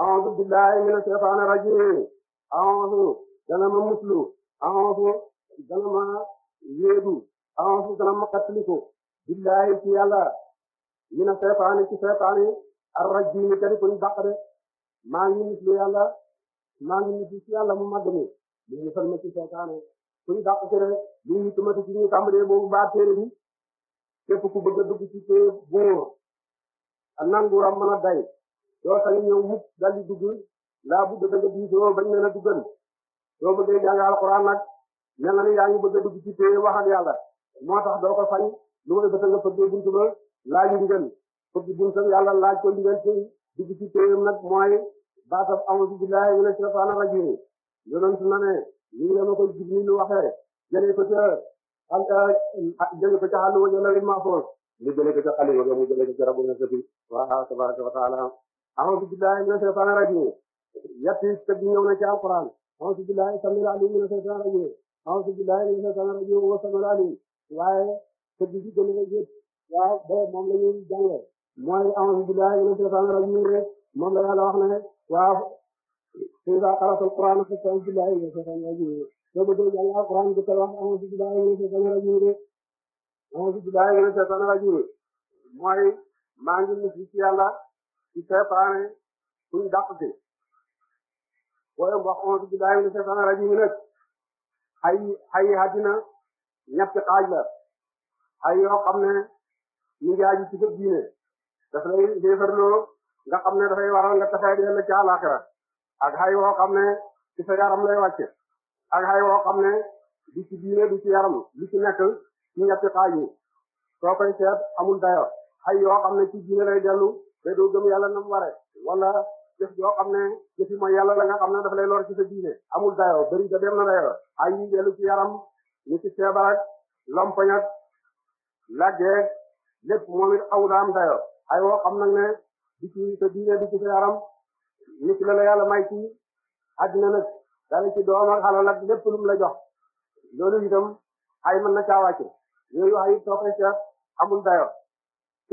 a'uuzu billahi mina shaytaani rajiim a'uuzu dana ma muslu a'uuzu dana ma yéedu a'uuzu dana ma kattaliku billahi ci yàlla mina shaytaani ci shaytaani ar-rajiim kadi kuñ baqare maa ngi muslu yàlla maa ngi muslu ci yàlla mu màgg mi mu musal ma ci shaytaani kuñ dàq ci tumati ci ñu tàmbalee boobu baa téere bi képp ku bëgg a dugg buur a nanguram mën a day doo sañ ñëw mukk dal di dugg laa bu dëgg nga diisoo bañ leen a duggal doo bëggee jàng alxuraan nag mel na ni yaa ngi bëgg a dugg ci téye wax ak yàlla moo tax nga fëggee buntu ba laaj ndigal fëgg buntam yàlla laaj ko ndigal ci dugg ci téyam nag mooy baatab a'uuzu billaahi mina shaytaani rajiim yonent ne ñu ngi dama lu waxee jëlee ko ca al euh, jëlee ko ca àll wa jëlee ma foos mu jëlee mu jëlee ko ca rabu tabaraka wa a'uuzu billaahi mina shaytaani rajiim yatti tëgg ñëw na ci alquran a'uuzu billaahi samil aliim mina shaytaani rajiim a'uuzu billaahi mina shaytaani rajiim wa samil aliim waaye tëgg ci gën a jëf waaw moom la ñuy jànge mooy a'uuzu billaahi mina shaytaani rajiim rek moom la yàlla wax wax a'uuzu billaahi mina shaytaani rajiim rek a'uuzu billaahi maa ngi mucc ci ci seytaane suñ dàq si booy wax onze billahi mina seytaane rajim nag ay ay àddina ñetti xaaj la ay yoo xam ne ñu ngi nga dafay waral nga di ëllëg ci ak ay yoo xam ne ci sa yaram lay wàcce ak ay yoo xam ne du ci diine du ci yaram lu ci nekk ci ñetti xaaj yi soo koy seet amul dayo ay yoo xam ne ci diine lay dellu te doo gëm yàlla na mu waree wala jëf yoo xam ne jëf yi mooy yàlla la nga xam ne dafa lay lor ci sa diine amul dayoo bëri da dem na dayoo ay yi xam nag ne di ci sa diine di ci yaram nit la yàlla may ci àddina nag dala ci doom ak xalal lépp lu la jox loolu itam ay mën na caawàcce yooyu ay soo koy seet amul dayoo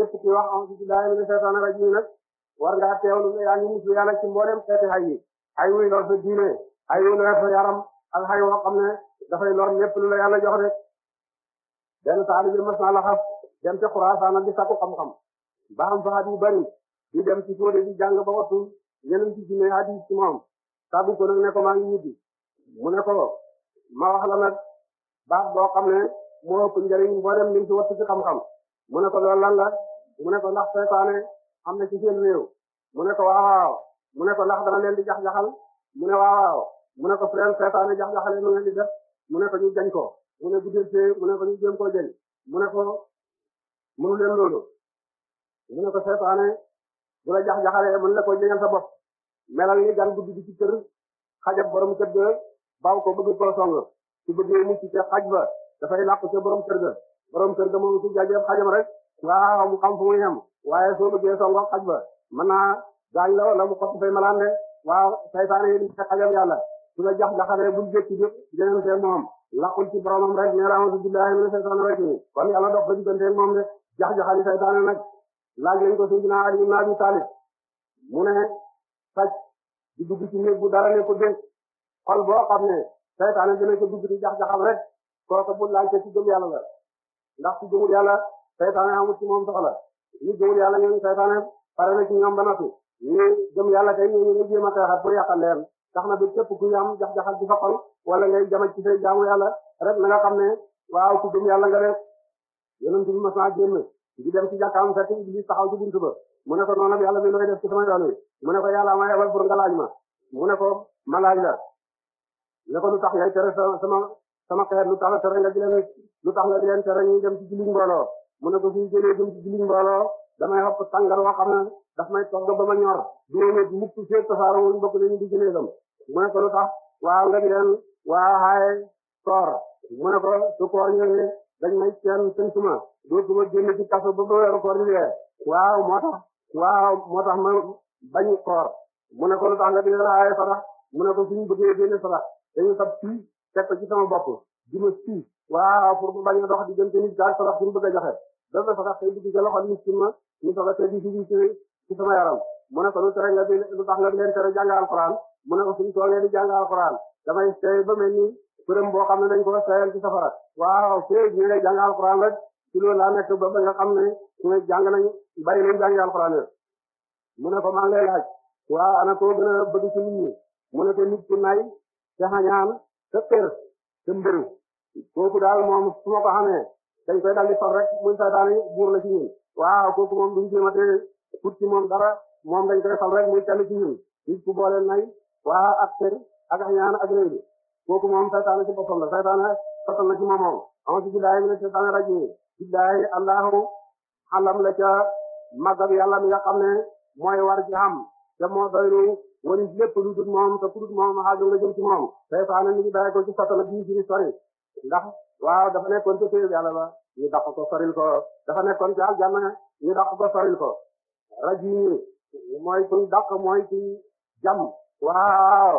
képp ki wax a'uuzu billaahi mina shaytaani rajiim nag war ngaa teewlu ne yaa ngi musu yàlla ci mboolem xeeti xay yi xay wuy sa diine xay wuy lor sa yaram de mas naa la xas dem ci xuraasaana di sakku xam-xam ba am fa hadiis yu di dem ci sóode di jàng ba wattu ñeneen ci jinne hadiis ci moom sabu ko nag ne ko maa ngi ñibbi mu ne ko ma wax la nag baax boo xam ne moo ëpp njëriñ boo dem liñ ci wattu ci xam-xam mu ne ko loolu la mu ne ko ndax seytaane am na ci seen réew mu ne ko waawaaw mu ne ko ndax dana leen di jax-jaxal mu ne waawaaw mu ne ko frère seytaane jax-jaxale nu ngeen di def mu ne ko ñu jañ ko mu ne bu dee mu ne ko ñu jéem koo jañ mu ne ko mënu leen loolu mu ne ko seytaane bu la jax-jaxalee mën la ko jañal sa bopp melal ni gan guddi gi ci kër xajab borom kër ga baaw ko bëgg ko song su bëggee mucc ca xaj ba dafay làqu ca borom kër borom kër ga moom waa mu xam fu muy yem waaye soo bëggee songo xaj ba mën naa gaañ la wala mu xott say malaan de waaw saytaane yi ñu xajam yàlla su la jax jaxalee bul jëkki jëpp jeneen seen moom laqul ci boromam rek ne a'uuzu billaahi mina saytaani rajiim laaj ko Seydina Ali bu dara yàlla la ndax ci gëmul yàlla saytaane amul ci moom soxla ñu gëmul yàlla ñooñu saytaane pare na ci ñoom ba noppi ñu gëm yàlla kay ñooñu nga jéem a xeexat pour yàqal leen na ba képp ku yam jax-jaxal ci sa xol wala ngay jamal ci say jaamu yàlla rek na nga xam ne waaw ku gëm yàlla nga rek yonent bi mas naa génn di dem ci jàkkaam fekk Iblis taxaw mu ne ko noonu ak yàlla mi looy def sama yoon mu ne ko yàlla ma yebal pour laaj ma mu ne ko ma laaj la ne ko lu tax ngay tere sama sama xeet lu tax tere nga di ñuy dem ci mu ne ba suñu jëlee jëm ci jullit mbooloo damay xob sàngar woo xam ne daf may togg ba ma ñor duwéne mukk fee tasaaro wuñu bokk nañu di jëlee sam mu ne ko lu tax waaw nga di leen waaw xaaye koor mu ne ko su koor ñëwee dañ may seen seen suma dootuma génn ci kaso ba ba weeru koor di weer waaw moo tax waaw moo tax ma bañ koor mu ne ko lu tax nga di leen xaaye sarax mu ne ko suñu bëggee génne sarax dañu sab fii teg ko ci sama bopp di ma fii waaw pour mu bañ a dox diggante ba ba sax tey dugg ca loxol miskin ma ñu soog a tegu ci ci ci sama yaram mu ne ko lu tere nga di lu tax nga di leen tere jàng alxuraan mu ne ko suñ toogee di jàng alxuraan damay seey ba boo xam ne dañ ko seeyal ci safara waaw fii ñu ngi jàng alxuraan rek ci ba ba nga xam ne ñu jàng nañ bàyyi nañ jàng alxuraan yëpp mu ne ko maa lay laaj waaw ana koo gën a bëgg ci nit ñi mu ne ko nit ku nay te xañaan te tër te mbëru kooku daal moom su ko xamee dañ koy daldi fab rek muy seytaane buur la ci ñun waaw kooku moom duñ jéemate put ci moom dara moom dañ koy fab rek muy tell ci ñun boole nay waa ak kër ak añaan ak réew bi kooku moom seytaane ci boppam la seytaane fasal na ci moomoom ama si billaahi allahu alam la ca màggab yàlla mi nga xam ne mooy war ci xam te moo doylu wari lépp lu dul moom te ku dul moom xaaju la jëm ci moom seytaane mi ngi bàyyi ko ci satana bii ci sori ndax waaw dafa nekkoon ci téyeb ba ñu daq ko soril ko dafa nekkoon ci aljanna ñu daq ko soril ko rajim mooy kuñ daq mooy ci jam waaw